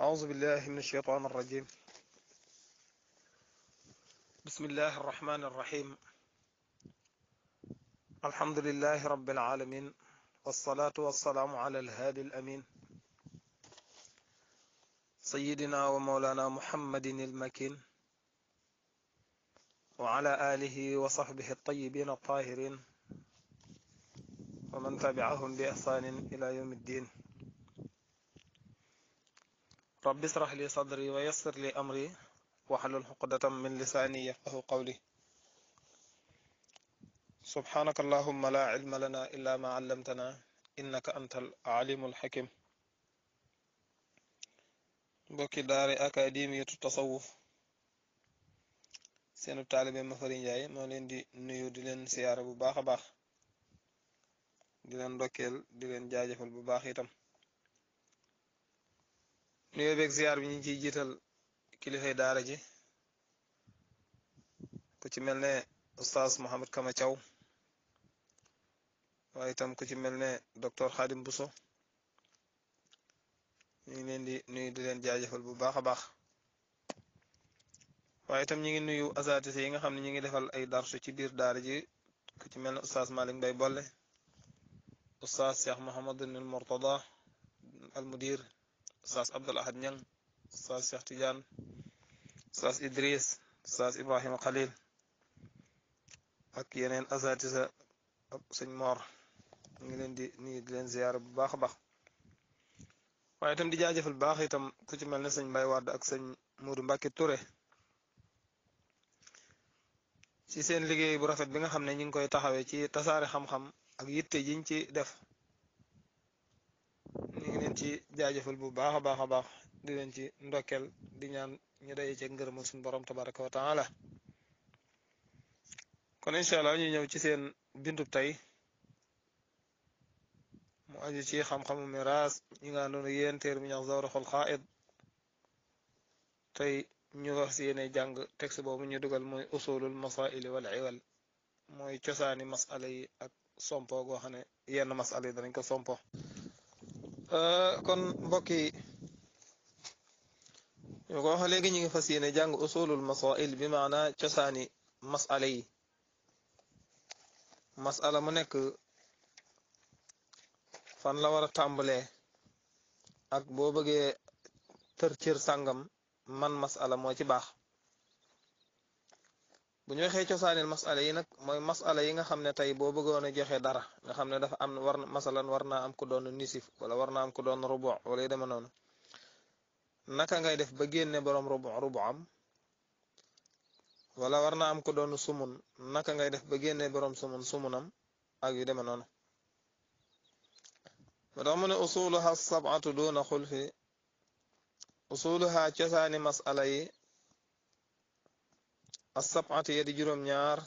أعوذ بالله من الشيطان الرجيم بسم الله الرحمن الرحيم الحمد لله رب العالمين والصلاة والسلام على الهادي الأمين سيدنا ومولانا محمد المكين وعلى آله وصحبه الطيبين الطاهرين ومن تبعهم بإحسان إلى يوم الدين رب اشرح لي صدري ويسر لي امري واحلل عقدة من لساني يفقه قولي سبحانك اللهم لا علم لنا الا ما علمتنا انك انت العليم الحكيم بك دار اكاديمية التصوف سينو طالب مفرين جاي مو لين دي نيو دي لين سياره بو باخا باخ دي لين دوكيل دي لين جاجفل بو باخ نيو بيك زيار بي نجي جيتال كليفاي دارا جي كو تي ملني استاذ محمد كما تياو واي تام كو تي ملني دكتور خادم بوسو ني لين دي نوي دي لين جاجيفال بو باخا باخ واي تام نيغي نوي اساتيس ييغا خامني نيغي ديفال اي دارس سي بير دارا جي كو تي ملني استاذ مالك باي بولي استاذ شيخ محمد بن المرتضى المدير oustaz Abdul Ahad Ñang oustaz Cheikh Tidiane oustaz Idris oustaz Ibrahima Khalil ak yeneen asatisa ak sëñ Mor ñu ngi leen di nuyu di leen ziyaar bu baax a baax waaye tam di jaajëfal baax itam ku ci mel ne sëñ Mbaye Wade ak sëñ Modou Mbacke ture ci seen liggéey bu rafet bi nga xam ne ñu ngi koy taxawee ci tasaare xam-xam ak yitte jiñ ci def ci jaajëfal bu baax a baax a baax di leen ci ndokkel di ñaan ñu daje ci ngërëmal suñu borom tabaraka wa taala kon incha allah ñu ñëw ci seen bindub tey mu aju ci xam-xamu miraas ñu nga andoona yéen téer mi ñax zawraxul xaa'id tey ñu wax si yéene jàng texte boobu ñu dugal mooy usulul masaili wal iwal mooy cosaani masala yi ak sompo goo xam ne yenn masala yi danañ ko sompo Euh, kon mbokk yi ñu ko waxee léegi ñu ngi fas yéene jàng usulul masail bi maana cosaani masala yi masala mu nekk fan la war a tàmbalee ak boo bëggee tër cër sàngam man masala moo ci baax bu ñu waxee cosaanil masala yi nag mooy masala yi nga xam ne tey boo bëggoon a joxe dara nga xam ne dafa am war masalan war naa am ku doon nisif wala war naa am ku doon rubu wala yu deme naka ngay def ba génne boroom rubu rubu am wala am ku doon sumun naka ngay def ba génne boroom sumun sumunam ak yu deme noonu ma tax mu ne usuluha sabatu duuna xulfi usuluha cosaani masala yi assabati yadi juróom ñaar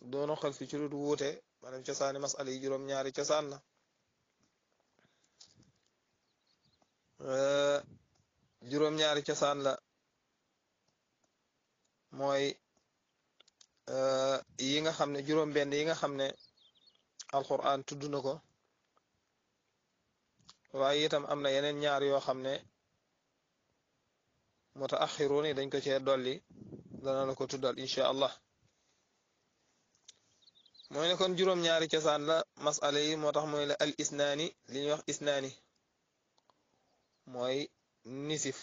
doono xel fi ci lut wuute manam cosaani masala yi juróom ñaari cosaan la euh, juróom ñaari cosaan la mooy euh, yi nga xam ne juróom benn yi nga xam ne alquran tudd na ko waaye itam am na yeneen ñaar yoo xam ne mota axiruuni dañ ko cee dolli dana la ko tuddal incha allah mooy ne kon juróom-ñaari cosaan la masala yi moo tax mooy la al isnaani li ñuy wax isnaani mooy nisif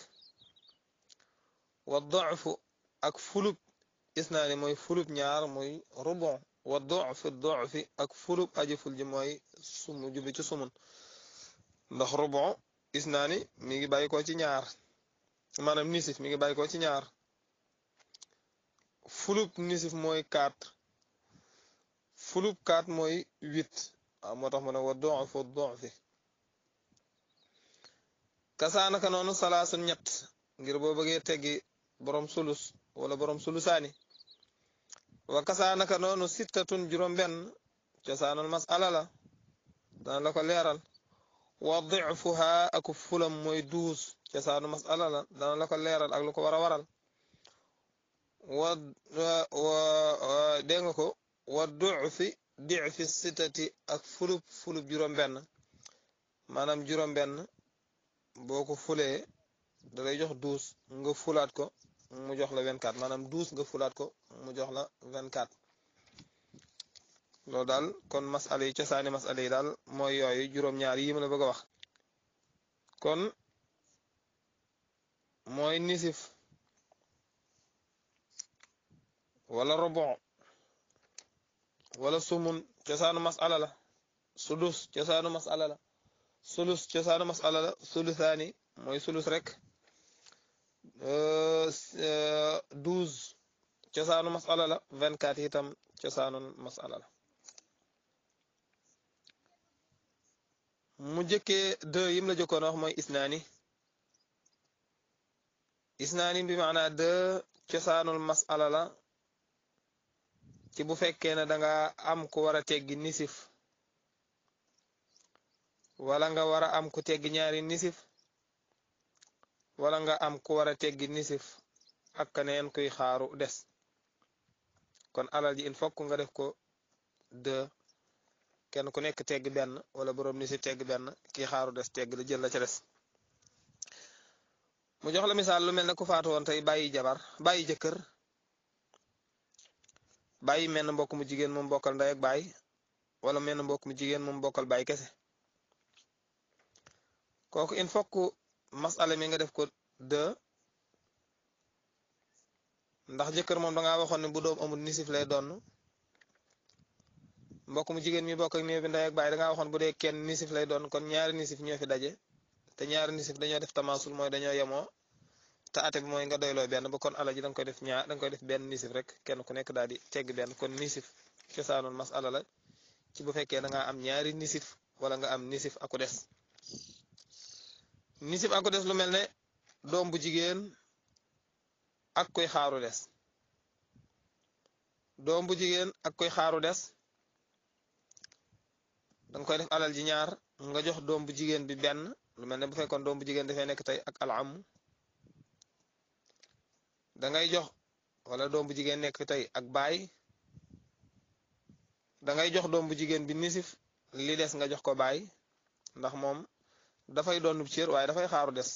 wa doofu ak fulub isnaani mooy fulub ñaar mooy rubon wa doofu doofi ak fulub ajiful ji mooy sumu jubi ci sumun ndax rubon isnaani mi ngi bàyyi ko ci ñaar maanaam nisif mi ngi bàyyi ko ci ñaar fulub nisif mooy quatre fulub quatre mooy huit waaw ah, tax ma ne wa don fa don fi kasaanaka noonu salaasu ñett ngir boo bëggee teggi borom sulus wala borom sulusaani wa kasaanaka noonu sittatun juróom-benn cosaanul masala la dana la ko leeral wa difuha ak fulam mooy douze cosaanu masala la dana la ko leeral ak lu ko war a waral wa dégg nga ko wa dufi difi sitati ak fulub fulub juróom-benn maanaam juróom-benn boo ko fulee da jox douze nga fulaat ko mu jox la vingt quatre maanaam douze nga fulaat ko mu jox la vingt quatre loolu daal kon masala yi cosaani masala yi daal mooy yooyu juróom-ñaar yi ma la bëgg a wax kon mooy nisif ولا ربع ولا سمن كسان مسألة لا سلوس كسان مسألة لا سلوس كسان مسألة لا سلوثاني موي سلوس رك آه، آه، دوز كسان مسألة لا فان كاتيتم كسان مسألة لا مجيكي دو يملا جو كونوه موي إثناني إثناني بمعنى دو كسان المسألة لا ci bu fekkee ne da nga am ku war a teggi nisif wala nga war a am ku teggi ñaari nisif wala nga am ku war a nisif ak kuy xaaru des kon alal ji il fokk nga def ko de kenn ku nekk tegg benn wala borom nisif tegg benn kii xaaru des tegg la jël la ca des mu jox la misaal lu mel ne ku faatu woon tey bàyyi jabar bàyyi jëkkër bàyyi menn mbokk mu jigéen mu bokkal nday ak bàyyi wala menn mbokk mu jigéen mu bokkal bàyyi kese kooku in faut que masala mi nga def ko de ndax jëkkër moom da ngaa waxoon ne bu doom amul nisif lay doon mbokk mu jigéen mi bokk ak néew bi nday ak bàyyi da ngaa waxoon bu dee kenn nisif lay kon ñaari nisif ñoo fi daje te ñaari nisif dañoo def tamasul mooy dañoo yemoo ta ate bi moy nga doylo ben bu kon ala ji da koy def ñaar dang koy def ben nisif rek kenn ku nekk daal di tegg ben kon nisif cosaanul masala la ci bu fekke da nga am ñaari nisif wala nga am nisif aku dess nisif aku dess lu melne dom bu jigen ak koy xaru dess dom bu jigen ak koy xaru dess dang koy def alal ji ñaar nga jox dom bu jigen bi ben lu melne bu fekkon dom bu jigen dafay nek tay ak am da ngay jox wala doom bu jigéen nekk tey ak baay dangay jox doom bu jigéen bi nisif li des nga jox ko baay ndax moom dafay doon cër waaye dafay xaaru des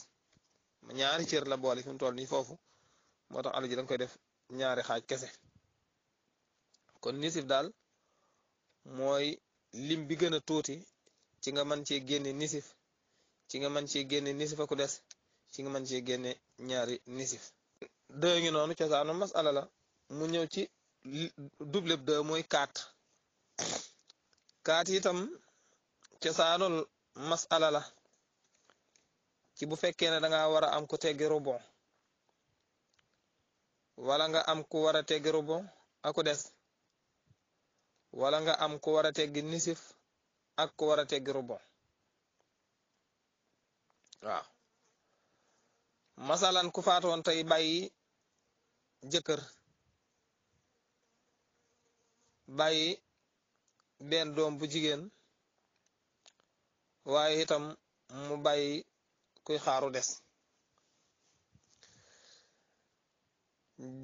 ñaari cër la boole fi mu toll nii foofu moo tax alal ji da koy def ñaari xaaj kese kon nisif daal mooy lim bi gën a tuuti ci nga mën cee génne nisif ci nga mën cee génne nisif ak des ci nga mën cee génne ñaari nisif. deux ngi noonu cosaanu masala la mu ñëw ci double deux mooy quatre kaat itam cosaanul masala la ci bu fekkee ne da nga war a am ku teggi rubon wala nga am ku war a teggi rubon ak ku des wala nga am ku war a teggi nisif ak ku war a teggi rubon waaw masalan ku faatoon tey bàyyi jëkër bayyi benn doom bu jigéen waaye itam mu bayyi kuy xaaru des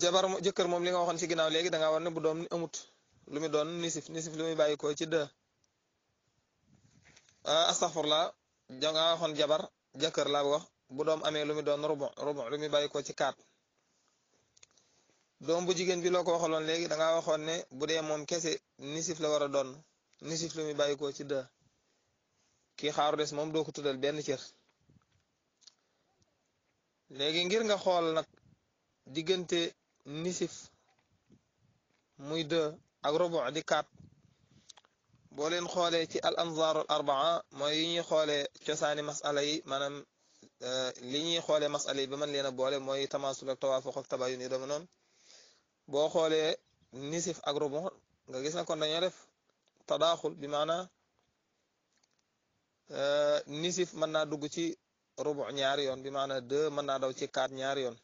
jabar jëkkër moom li nga waxoon ci ginnaaw léegi da nga war ne bu doom amut lu mu doon nisif nisif lu muy bàyyi ko ci dë ah, astaghfirullah jonga waxon jabar jëkkër la wax bu doom amee lu mu doon rubu rubu lu muy bàyyi ko ci kaat doom bu jigéen bi loo ko waxaloon léegi da waxoon ne bu dee moom kese nisif la war a doon nisif lu muy bàyyi ko ci dë kii xaaru des moom doo ko tuddal benn cër léegi ngir nga xool nag diggante nissif muy dë ak rubu di kaat boo leen xoolee ci al anzaarul arbaa mooy yi ñuy xoolee cosaani masala yi maanaam euh, li ñuy xoolee masala yi ba mën leen a boole mooy tamaasul ak tawaafuq ak tabayun yi dama noonu boo xoolee nisif ak rubu nga gis na kon dañoo def tadaaxul bi maanaa euh, nisif mën naa dugg ci rubu ñaari yoon bi maanaa deux mën naa daw ci quatre ñaari yoon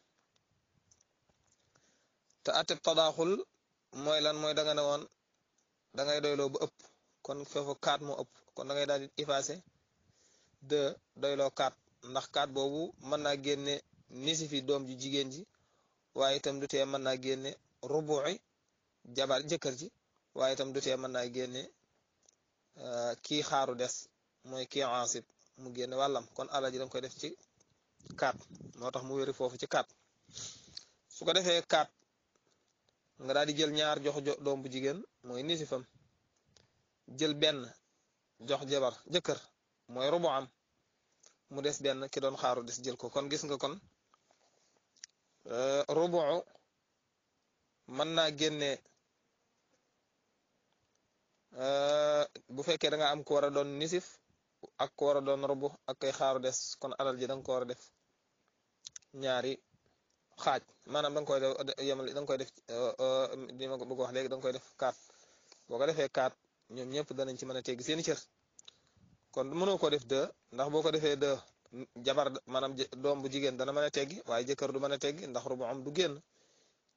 te ateb tadaaxul mooy lan mooy danga ne woon da ngay doyloo ba ëpp kon foofu quatre moo ëpp kon da ngay daal di effacé deux doyloo ndax quatre boobu mën naa génne nisif yi doom ju jigéen ji waaye itam du te mën naa génne rubu'i jabar jëkkër ji waaye itam du tee mën naa génne euh, kii xaaru des moy kii ansib mu génne walam kon alal dang koy def ci 4 motax mu wéri fofu ci 4 su ko defee kaat nga daal di jël ñaar jox doom bu jigéen nisifam jël ben jox jabar jeuker moy rubu'am mu dess ben ki doon xaru des jël ko kon gis nga kon euh, rubu man na naa euh bu féké da nga am ko wara don nisif ak ko wara don doon ak kay xaru dess kon alal ji da nga ko wara def ñaari xaj manam da nga koy def yamal da nga koy def euh dima eh, ko bëgg wax légui da nga koy def kaat boo ko defee ñom ñepp da nañ ci mëna tégg seen ciir kon du mëno ko def deux ndax boko defé defee jabar manam dombu jigen jigéen dana mëna tégg waye jëkër du mëna tégg ndax rubu am du génn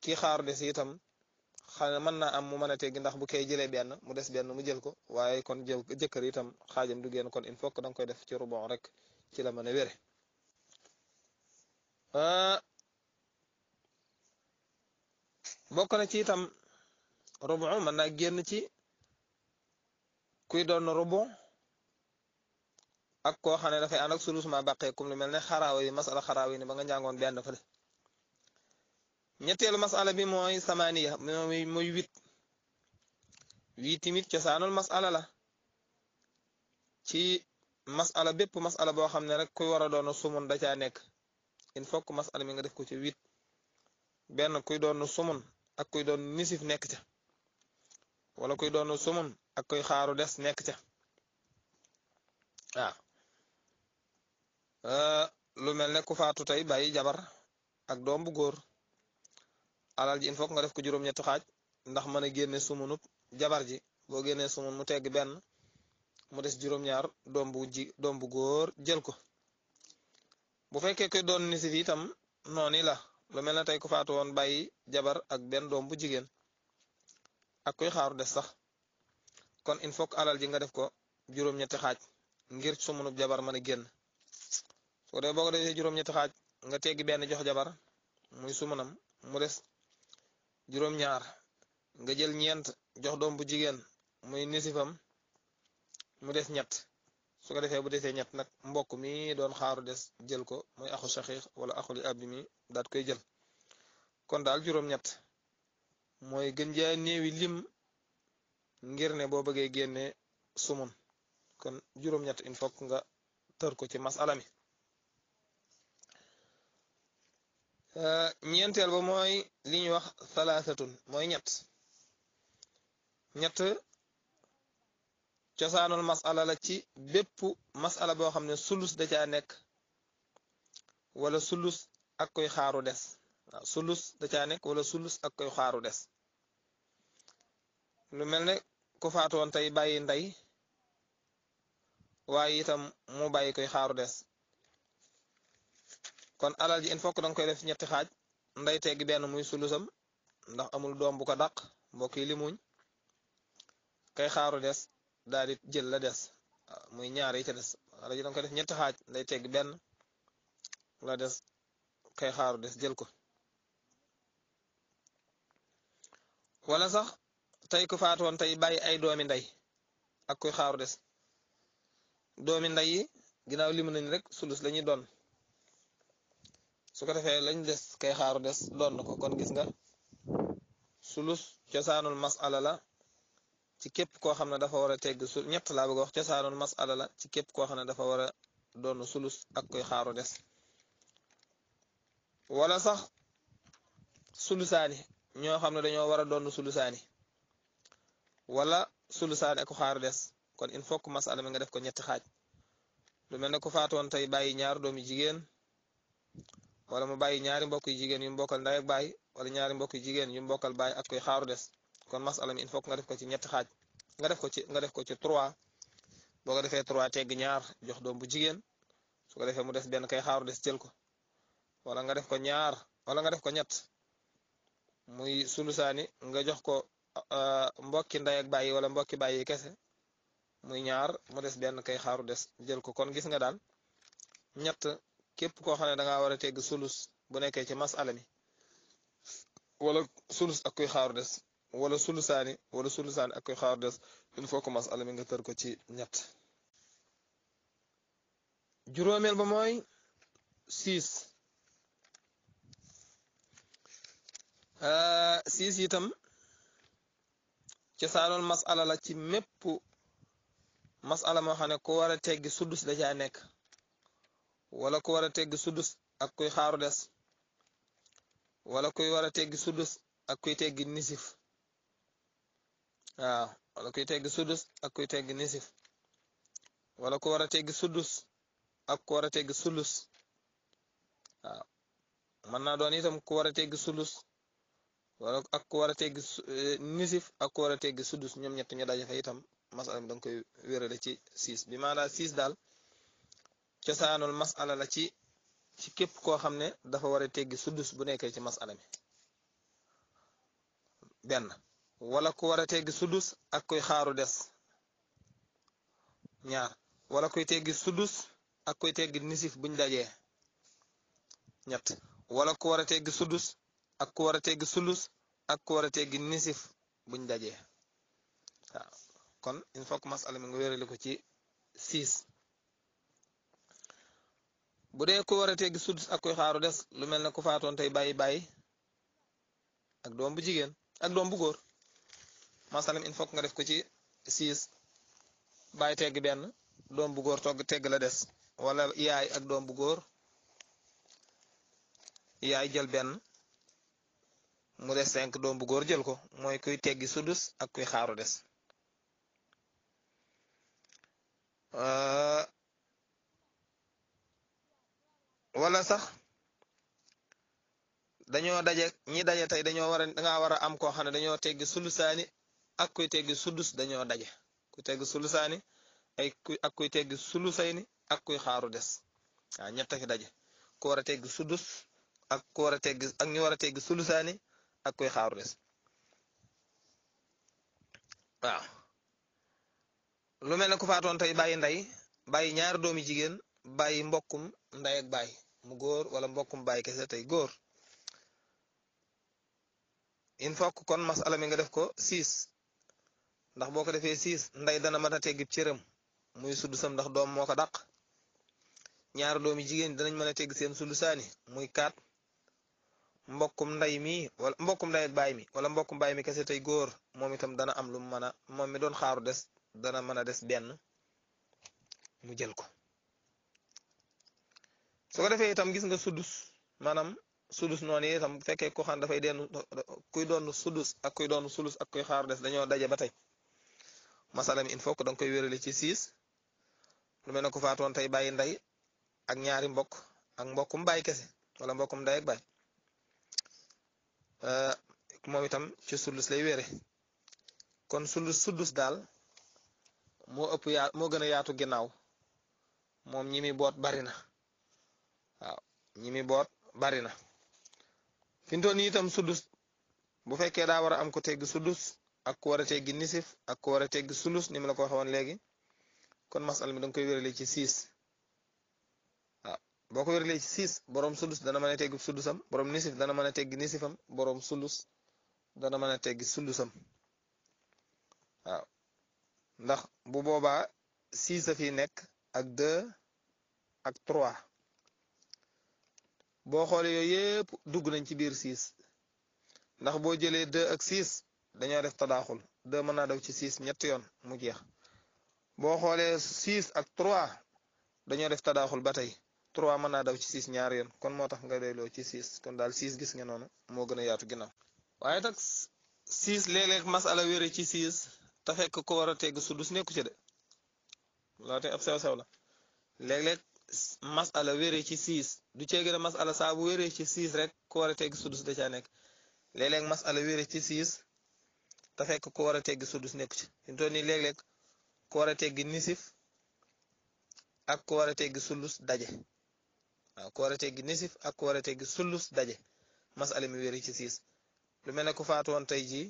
ki xaar des itam xanaa mën naa am mu mën a teggi ndax bu koy jëlee benn mu des benn mu jël ko waaye kon jël jëkkër itam xaajam du génn kon il faut que nga koy def ci rubon rek ci la mën a euh, bokk na ci itam rubon mën naa génn ci kuy doon rubon ak koo xam ne dafay ànd ak sulus ma bàqee comme lu mel ne xaraw yi masala xaraaw yi ni ba nga njàngoon benn fële ñetteelu masala bi mooy samaaniya mooy huit huit tamit cosaanul masala la ci masala bépp masala boo xam ne rek kuy war a doon sumun da caa nekk il faut que masala mi nga def ko ci huit benn kuy doon sumun ak kuy nisif nekk ca wala kuy doon sumun ak kuy xaaru des nekk ca waaw euh, mel ne ku faatu tay bàyyi jabar ak doom bu góor alal ji il fokk nga def ko juróom-ñetti xaj ndax mëna a sumu nup jabar ji bo génnee sumu mu tegg ben mu dess juróom-ñaar doom bu ji doom bu góor jël ko bu fekkee koy doon ci itam noni la lu melna tay faatu won bayyi jabar ak ben doom bu jigéen ak koy dess sax kon in fokk alal ji nga def ko juróom-ñetti xaj ngir nup jabar mëna a génn su dee boo ko defee juróom-ñetti nga tegg ben jox jabar muy sumunam mu dess juróom-ñaar nga jël ñeent jox doom bu jigéen muy nisifam mu des ñett su ko defee bu desee ñett nag mbokk mi doon xaaru des jël ko muy axu shaqiq wala axuli ab mi daat koy jël kon daal juróom-ñett mooy gën jaa néewi lim ngir ne boo bëggee génne sumun kon juróom-ñett il faut nga tër ko ci masala mi Euh, ñeenteel ba mooy li ñuy wax salaasatun mooy ñett ñett cosaanul masala la ci bépp masala boo xam ne sulus da caa nekk wala sulus ak koy xaaru des sulus da caa nekk wala sulus ak koy xaaru des lu mel ne ku faatoon tey bàyyi ndey waaye itam mu bàyyi koy xaaru des kon alal ji il faut que koy def ñetti xaaj nday teggi benn muy sulusam ndax amul doom bu ko dàq mbokk yi limuñ kay xaaru des daal di jël la des muy ñaar yi ca des alal ji koy def ñetti xaaj nday teggi benn la des kay xaaru des jël ko wala sax tey ku faatoon tey bàyyi ay doomi nday ak kuy xaaru des doomi ndey yi ginnaaw limu nañ rek sulus lañuy doon su ko defee lañ des kay xaaro des doon na ko kon gis nga sulus cosaanul masala la ci képp koo xam ne dafa war a tegg sul ñett laa bëgg wax cosaanul masala la ci képp koo xam ne dafa war a doon sulus ak koy xaaru des wala sax sulusaani ñoo xam ne dañoo war a doon sulusaani wala sulusaani ak xaaru des kon il faut que masala mi nga def ko ñetti xaaj lu mel ne ku faatoon tey bàyyi ñaar doomi jigéen wala mu bayyi ñaari mbokk yu jigéen yu mu nday ak bayyi wala ñaari mbokk yu jigéen yu mu bayyi ak koy xaaru dess kon masala mi il faut nga def ko ci ñett xaj nga def ko ci nga def ko ci 3 boo ko defee trois tegg ñaar jox doom bu jigéen su ko defé mu dess ben kay xaaru dess jël ko wala nga def ko ñaar wala nga def ko ñett muy sulusani nga jox ko mbokki nday ak bayyi wala mbokki bayyi kesse muy ñaar mu dess ben kay xaaru dess jël ko kon gis nga dal ñett képp koo xam ne da ngaa war a tegg sulus bu nekkee ci masala mi wala sulus ak kuy xaaru des wala sulusaani wala sulusaani ak kuy xaaru des il faut que masala mi nga tër ko ci ñett juróomeel ba mooy siis euh, siis itam cosaanul masala la ci mépp masala moo xam ne ku war a teggi sudus da caa nekk wala ku war a tegg sudus ak kuy xaaru des wala kuy war a teggi sudus ak kuy teggi nisif waaw wala kuy teggi sudus ak kuy teggi wala ku war a teggi sudus ak ku war a teggi sulus waaw mën naa doon itam ku war a teggi sulus wala ak ku war a teggi eh, nisif ak ku war a teggi sudus ñoom ñett ñu daje fa itam masala dang danga koy le ci siis bi maanaam siis daal cosaanul masala la ci ci képp koo xam ne dafa war a teggi suddus bu nekkee ci masala mi benn wala ko war a teggi suddus ak kuy xaaru des ñaar wala kuy teggi suddus ak kuy teggi nisif buñ dajee ñett wala ku war a teggi suddus ak ku war a teggi suddus ak ku war buñ dajee waaw kon il faut masala mi nga wérale ko ci six bu dee ku war a teggi sudus ak kuy xaaru des lu mel ne ku faatoon tey bay bàyyi ak doom bu jigéen ak doom bu góor masalam il nga def ko ci siis bàyyi tegg benn doom bu góor togg tegg la des wala yaay ak doom bu góor yaay jël benn mu des cinq doom bu góor jël ko mooy kuy teggi sudus ak kuy xaaru des euh, wala sax dañoo daje ñi daje tey dañoo war a dangaa war a am koo xam ne dañoo tegg sulusaani ak kuy tegg sudus dañoo daje ku tegg sulusaani ay ku ak kuy tegg sulusayni ak kuy xaaru des waaw ñett fi daje ku war a tegg sudus ak ku war ak ñu war a tegg sulusaani ak kuy xaaru des waaw lu mel ne ku faatoon tey bàyyi nday bàyyi ñaari doomi jigéen bàyyi mbokkum ndey ak bàyyi mu góor wala mbokkum baay kese tey góor in fokk kon masala mi nga def ko siis ndax boo ko defee siis ndey dana mën a teggib cëram muy sudusam ndax doom moo ko daq ñaari doomi jigéen danañ mën a tegg seen sulusaani muy quatre mbokkum nday mi wala mbokkum nday baay mi wala mbokkum baay mi kese tey góor moom itam dana am lu mu mën a moom mi doon xaaru des dana mën a des benn mu jël ko su ko defee itam gis nga sudus maanaam sudus noonu itam bu fekkee ko xam dafay deen kuy doon sudus ak kuy doon sulus ak kuy xaar des dañoo daje ba tey masala mi il faut que da nga koy wérale ci siis lu mel ne ku faatoon tey bàyyi ndey ak ñaari mbokk ak mbokkum bàyyi kese wala mbokkum ndey ak eh, moom itam ci sudus lay wére kon sudus sudus daal moo ëpp yaa moo gën a yaatu ginnaaw moom ñi muy boot bari na ñi mi boot bari na fintoon itam sudus bu fekkee daa war a am ko tegg sudus ak ku war a teggi nisif ak ku war a teggi sulus ni ma la ko waxee léegi kon masal mi dang nga koy wérale ci siis waaw boo ko wéralee ci siis borom sudus dana mën a teggi sudusam borom nisif dana mën a teggi nisifam borom sulus dana mën a teggi sulusam waaw ndax bu boobaa siis fi nekk ak deux ak trois bo xoolee yooyu yépp dugg nañ ci bir 6 ndax bo jëlee 2 ak 6 dañu def tadakhul 2 mën daw ci 6 ñetti yoon mu jeex bo xolé 6 ak 3 dañu def tadakhul batay 3 mën daw ci 6 ñaar yoon kon motax tax nga doyloo ci 6 kon dal 6 gis nga noonu mo gëna yaatu ginnaaw. waye nag 6 léeg masala wéré ci 6 ta fekk ko wara tégg su dus nekku ci dé laa te ab sew sew la léeg-léeg masala wéree ci siis du ceegi ne masala saa bu wéree ci siis rek ku war a teggi sudus da caa nekk léeg-léeg masala wéree ci siis te fekk ku war a teggi sudus nekk ci ñu toll nii léeg-léeg ku war a teggi nisif ak ku war a teggi sulus daje waaw ku a teggi nisif ak daje masala mi wéree ci siis lu mel ne ku faatu woon tey jii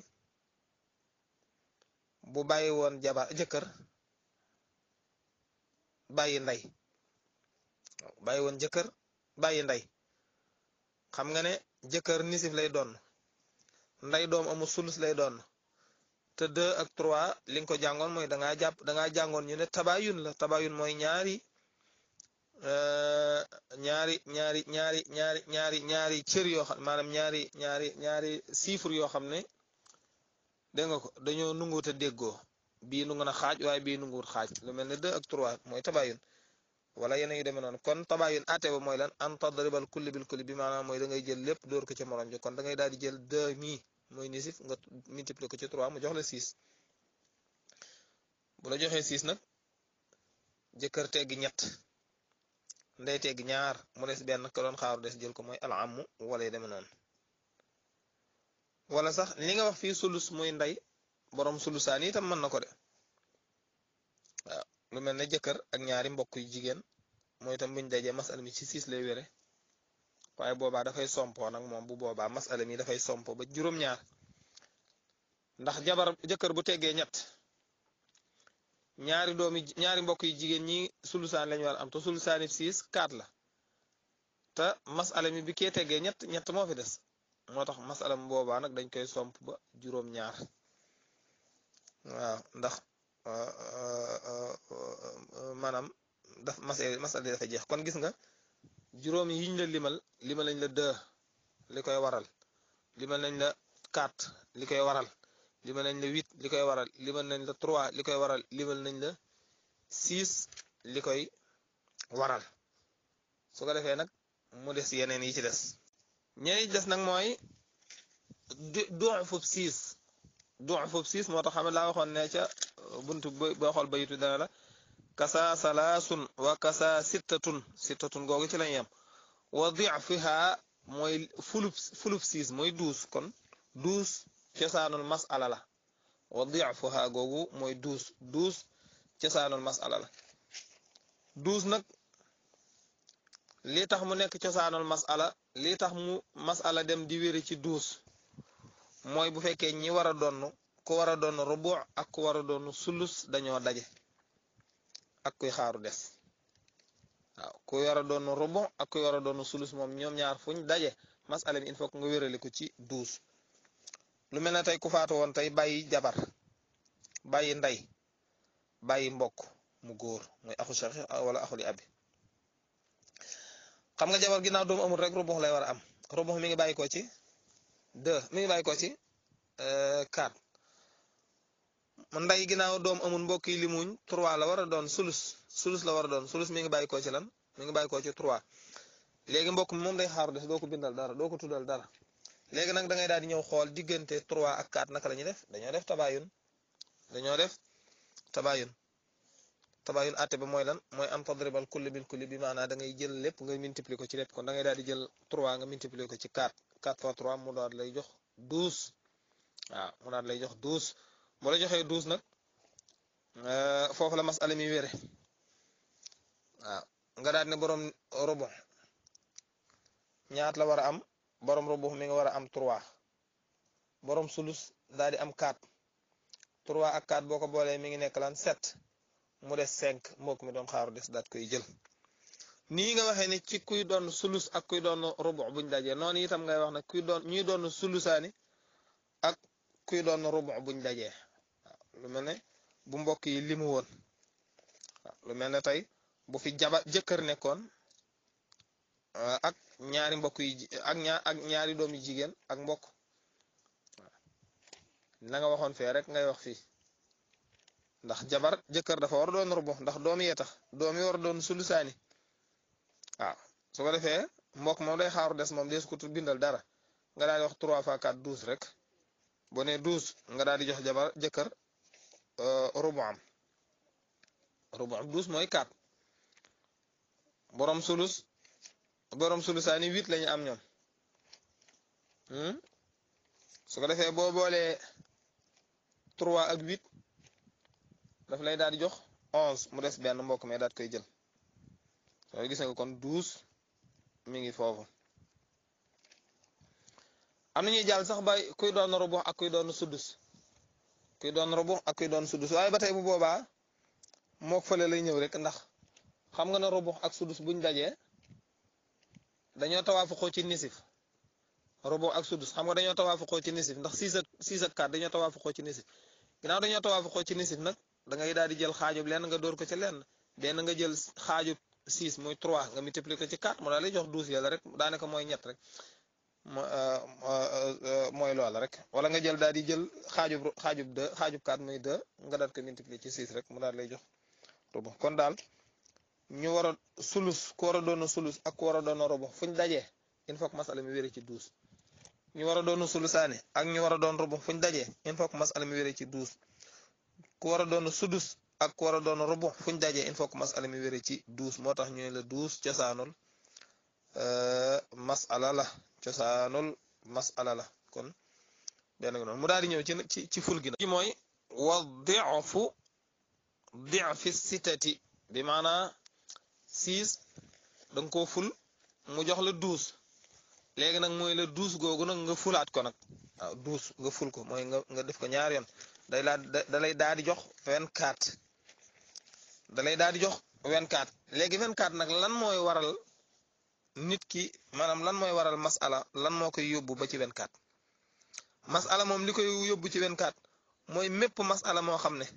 bu bàyyi woon jabar jëkkër bàyyi ndey bàyyi woon jëkkër bàyyi ndey xam nga ne jëkkër nisif lay doon ndey doom amul sulus lay doon te deux ak trois li nga ko jàngoon mooy dangaa jàpp dangaa jàngoon ñu ne tabayun la tabayun mooy ñaari euh, ñaari ñaari ñaari ñaari ñaari ñaari cër yoo xam maanaam ñaari ñaari ñaari chiffre yoo xam ne dégg nga ko dañoo nunguwut a déggoo bii nu ngun a xaaj waaye bii nunguwut xaaj lu mel ne deux ak trois mooy tabayun wala yeneen yu demee noonu kon tabaayun atte ba mooy lan an tadribal kulli bil kulli bi maanaam mooy da ngay jël lépp dóor ko ci morom ji kon da ngay jël mi mooy nisif nga multiplier ko ci trois mu jox la six bu la joxee six nag jëkkër teggi ñett ndey teggi ñaar mu des benn ko doon xaaru des jël ko mooy alamu wala yu deme noonu wala sax li nga wax fii sulus muy ndey borom sulusaan tam mën na ko de waaw lu mel ne jëkkër ak ñaari mbokk yu jigéen mooy itam buñ dajee masala ci siis lay wére waaye boobaa dafay sompoo nag moom bu boobaa masala dafay sompoo ba juróom-ñaar ndax jabar jëkkër bu tegee ñett ñaari doomi ñaari mbokk yu jigéen ñi sulusaan lañu war am te sulusaanib siis kaat la te masala mi bi kee teggee ñett ñett moo fi des moo tax masala mi nag dañ koy somp ba juróom-ñaar waaw ndax maanaam daf mas masala dafa jeex kon gis nga juróom yiñ la limal limal nañ la deux li koy waral limal nañ la quatre li koy waral limal nañ la huit li koy waral limal nañ la trois li koy waral limal nañ la six li koy waral su ko defee nag mu des yeneen yi ci des ñeneen des nag mooy du duux foofu siis duux foofu siis moo tax xam laa waxoon ne ca bunt boo xool bayitu dana la kasa salaasun wa kasa sittatun sittatun googu ci lañ yem wa difihaa mooy fulub fulub siis mooy duus kon duus cosaanul masala la wa difuhaa googu mooy duus duus cosaanul masala la duus nag lii tax mu nekk cosaanul masala lii tax mu masala dem di wéri ci duus mooy bu fekkee ñi war a ko war a doon rubu ak ku war a doon sulus dañoo daje ak kuy xaaru des waaw ku war a doon rubu ak ku war a doon sulus moom ñoom ñaar fuñ daje masala mi il faut nga wérale ko ci douze lu mel ne tey ku faatu woon tey bàyyi jabar bàyyi nday bàyyi mbokk mu góor muy axu shaqiq wala axuli abi xam nga jabar ginnaaw doomu amul rek rubux lay war a am rubux mi ngi bàyyi ko ci deux mi ngi bàyyi ko ci euh, quatre nday ginaaw doom amul mbokk yi limuñ 3 la wara doon sulus sulus la wara doon sulus mi ngi bàyyi ko ci lan mi ngi bàyyi ko ci 3 legi mbokk mom day xaaru def doko bindal dara doko tudal dara legi nak da ngay daal di ñew xol diggante 3 ak 4 naka lañu def dañu def tabayun dañu def tabayun tabayun até ba moy lan moy am tadribal kulli bil kulli bi maana da ngay jël lepp nga multiplier ko ci lepp kon da ngay daal di jël 3 nga multiplier ko ci 4 4 x 3 mu daal lay jox 12 ah mu daal lay jox 12 bu la joxee douze nag euh, foofu la masala mi wére nga daal ne borom rubu ñaat la war a am borom rubu mi nga war a am trois borom sulus daal am quatre trois ak quatre boo ko boolee mi ngi nekk lan sept mu des cinq mbokk mu doon xaaru des daat koy jël nii nga waxee ni ci kuy doon sulus ak kuy doon rubu buñ dajee noonu itam ngay wax na kuy doon ñuy doon sulusaani ak kuy doon rubu buñ dajee lu mel bu mbokk yi limu won lu mel tay bu fi jaba jëkkër nekkoon ah, ak ñaari mbokk yi ak ñaar ak ñaari doomi jigen ak mbokk la nga waxon fe rek ngay wax fi ndax jabar jeuker dafa war doon rubu ndax doomi ya tax doomi war doon sulusani waaw su ko defé mbokk moom day xaru dess mom dees ko bindal dara nga dal wax 3 fois 4 12 rek bone 12 nga dal di jox jabar jeuker Euh, rubu am rubu am douze mooy quatre borom sulus borom sulusaani huit lañu ñu am ñoom hmm? su ko defee boo boolee trois ak huit daf lay daal di jox onze mu des benn mbokk mais daat koy jël soo gis nga kon douze mi ngi foofu am na ñuy jaal sax bay kuy doon rubu ak kuy doon sudus kuy doon rubu ak kuy doon sudus waaye ba tey bu boobaa mook fële lay ñëw rek ndax xam nga ne rubu ak sudus buñ dajee dañoo tawaafuqoo ci nisif rubu ak sudus xam nga dañoo tawaafuqoo ci nisif ndax six ak six ak quatre dañoo tawaafuqoo ci nisif ginnaaw dañoo tawaafuqoo ci nisif nag da ngay daal di jël xaajub lenn nga door ko ci lenn benn nga jël xaajub six mooy trois nga multiplier ko ci quatre mu daal lay jox douze yàlla rek daanaka mooy ñett rek Euh, euh, euh, mooy loola rek wala nga jël daal di jël xaajub xaajub deux xaajub quatre muy deux nga daal ko multiplier ci six rek mu daal lay jox rubu kon daal ñu war a sulus ku war a doon sulus ak ku war a rubu fu ñu dajee il faut que masala mi wéree ci douze ñu war a doon sulusaani ak ñu war a doon rubu fu ñu dajee il faut que masala mi ci douze ku a doon sudus ak ku war a doon rubu fu ñu dajee il faut que ci douze moo tax ñuy ne la douze cosaanul masala la cosaanul masala la kon benn nga noonu mu daal di ñëw ci ci ci ful gi nag gi mooy wa difu difi sitati bi maanaa six da nga ful mu jox le douze léegi nag mooy la douze googu nag nga fulaat ko nag waaw douze nga ful ko mooy nga nga def ko ñaar yoon day laa da lay daal di jox vingt quatre da lay daal jox vingt quatre léegi vingt quatre nag lan mooy waral nit ki maanaam lan mooy waral masala lan moo koy yóbbu ba ci 24 masala moom li koy yóbbu ci 24 mooy mépp masala moo xam ne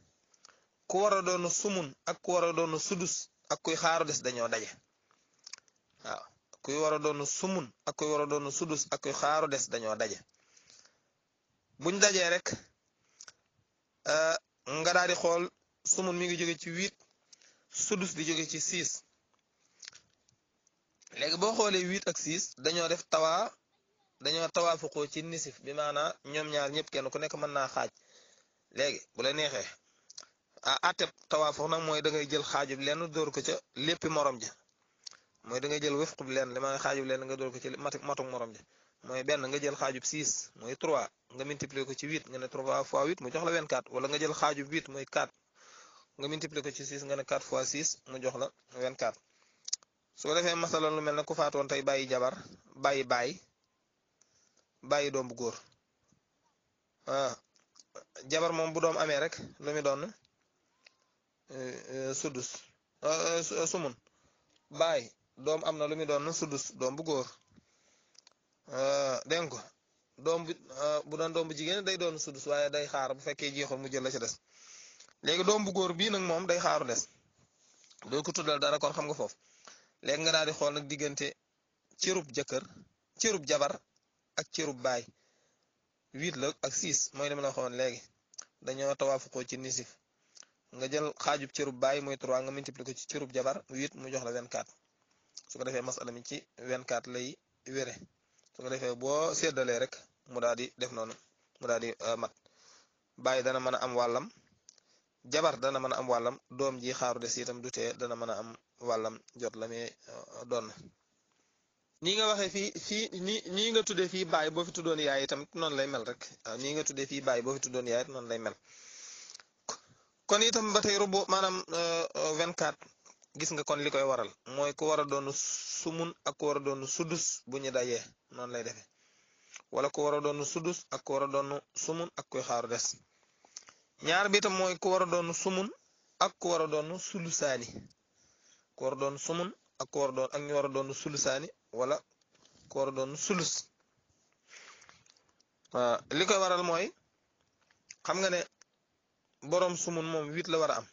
ku war a doon sumun ak ku war a doon sudus ak kuy xaaru des dañoo daje waaw kuy war a doon sumun ak kuy war a doon sudus ak kuy xaaru des dañoo daje buñ dajee rek euh, nga daal di xool sumun mi ngi jóge ci 8 sudus di jóge ci 6. léegi boo xoolee huit ak six dañoo def tawaa dañoo tawaafuqoo ci nisif bi maanaa ñoom ñaar ñëpp kenn ku nekk mën naa xaaj léegi bu la neexee ah ateb tawaafuq nag mooy da ngay jël xaajub lenn dóor ko ca léppi morom ja mooy da ngay jël wifqub lenn li ma lenn nga dóor ko ci matuk morom ja mooy benn nga jël xaajub six mooy trois nga multiplier ko ci huit nga ne trois fois huit mu jox la vingt-quatre wala nga jël xaajub huit mooy quatre nga multiplier ko ci nga ne mu jox la soo ko defee masaloon lu mel ne ku faatoon tey bàyyi jabar bàyyi baay bàyyi doom bu góor ah, jabar moom bu doom amee rek lu mu doon eh, eh, sudus eh, sumun baay doom am na lu mu doon sudus doom bu góor ah, dégg ko doom bu ah, bu doon doom bu jigéen day doon sudus waaye day xaar bu fekkee jeexul mu jël la ci des léegi doom bu góor bii nag moom day xaaru des doo ko tuddal dara xam nga foofu léegi nga daal di xool nag diggante cërub jëkkër cërub jabar ak cërub baay huit la ak six mooy li ma la léegi dañoo tawaafuqoo ci nisif nga jël xaajub cërub baay muy trois nga multiplier ko ci cërub jabar huit mu jox la vingt quatre su ko defee masala mi ci vingt quatre lay wére su ko defee boo seddalee rek mu daal di def noonu mu daal di euh, mat baay dana mën a am wàllam jabar dana mën a am wàllam doom ji xaaru des itam du tee dana mën a am wàllam jot la mee uh, doon nii nga waxee fii fii nii nii nga tuddee fii baay boo fi tuddoon yaay itam noonu lay mel rek ñi uh, nga tuddee fii baay boo fi tuddoon yaay noonu lay mel kon itam ba tey rubu maanaam 24 uh, gis nga kon li koy waral mooy ko war a doon sumun ak ku war a doon sudus bu ñu dajee noonu lay defee wala ku war a doon sudus ak a doon sumun ak kuy xaaru des ñaar bi tam mooy ku war a doon sumun ak ku war a doon sulusaani ku doon sumun ak ku doon ak ñu war a doon sulusaani wala ku war a doon sulus waaw li koy waral mooy xam nga ne boroom sumun moom huit la war a am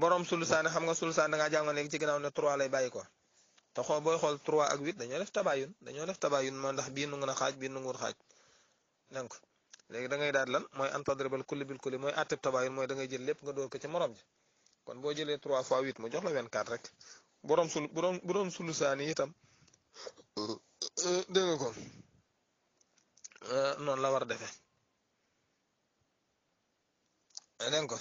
boroom sulusaani xam nga sulusaan da ngaa jàngoon léegi ci ginnaaw ne trois lay bàyyi ko te xool booy xool trois ak huit dañoo def tabaayun dañoo def tabaayun moo ndax bii nu ngun xaaj bii nu ngun xaaj donc léegi dangay daal lan mooy an tadribal kulli bil kulli mooy atteb tabaayun mooy da jël lépp nga dóor ko ci morom ji kon boo jëlee 3 fois 8 mu jox la 24 rek borom sul borom borom sulusaani itam dégg nga ko noonu la war a defee dégg ko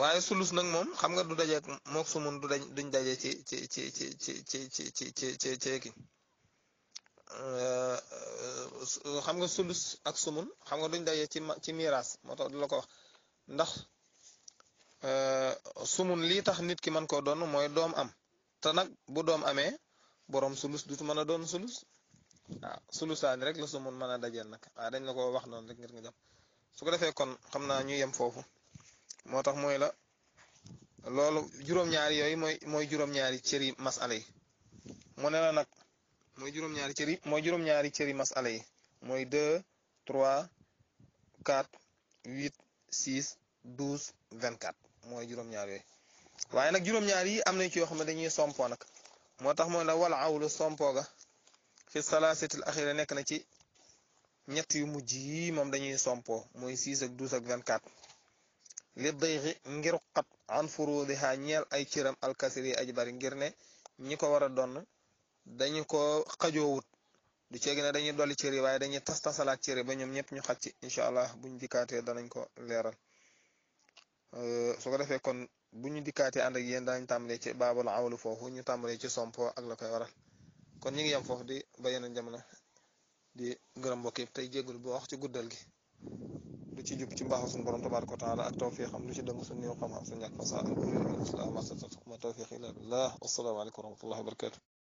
waaye sulus nag moom xam nga du dajeeg mook sumun du dañ duñ daje ci ci ci ci ci ci ci ci ci ci Euh, euh, xam nga sulus ak sumun xam nga duñ daje ci ci miiras moo tax du la ko wax ndax euh, sumun lii tax nit ki mën koo doon mooy doom am te nag bu doom amee borom sulus dutu mën a doon sulus waaw sulusaani rek la sumun mën a dajeel nag waaw dañ la ko wax noonu rek ngir nga jàpp su ko defee kon xam naa ñu yem foofu moo tax mooy la loolu juróom-ñaari yooyu mooy mooy juróom-ñaari cëri masala yi mu moy juróom-ñaari cëri moy juróom-ñaari cëri masala moy 2 3 4 8 6 12 24 moy juróom-ñaar yoy waye nak juróom-ñaar yi amna ci yo xamne dañuy sompo nak motax moy la wal awlu sompo ga fi salaasatil axira nek na ci ñet yu mujj yi mom dañuy sompo moy 6 ak 12 ak 24 li dayghi ngir qat an furudha ñeel ay ciiram al yi aji bari ngir ne ñiko wara don dañu ko xajoowut du ceeg na dañu dol cër yi waaye dañuy tas tasalaat cër ba ñoom ñëpp ñu xaj ci incha allah buñ dikkaatee danañ ko leeral euh, su ko defee kon bu ñu dikkaatee ànd ak yéen danañ tàmbalee ci baabul awlu foofu ñu tàmbalee ci sompo ak la koy waral kon ñu ngi yem foofu di ba yeneen jamono di gërëm mbokk yëpp tey jegul boo wax ci guddal gi lu ci jub ci mbaaxu suñu borom tabaaraka wa taala ak tawfiixam lu ci dëng suñu néew xam-xam suñu ñàkk fasaa ak ma tawfiix ila billah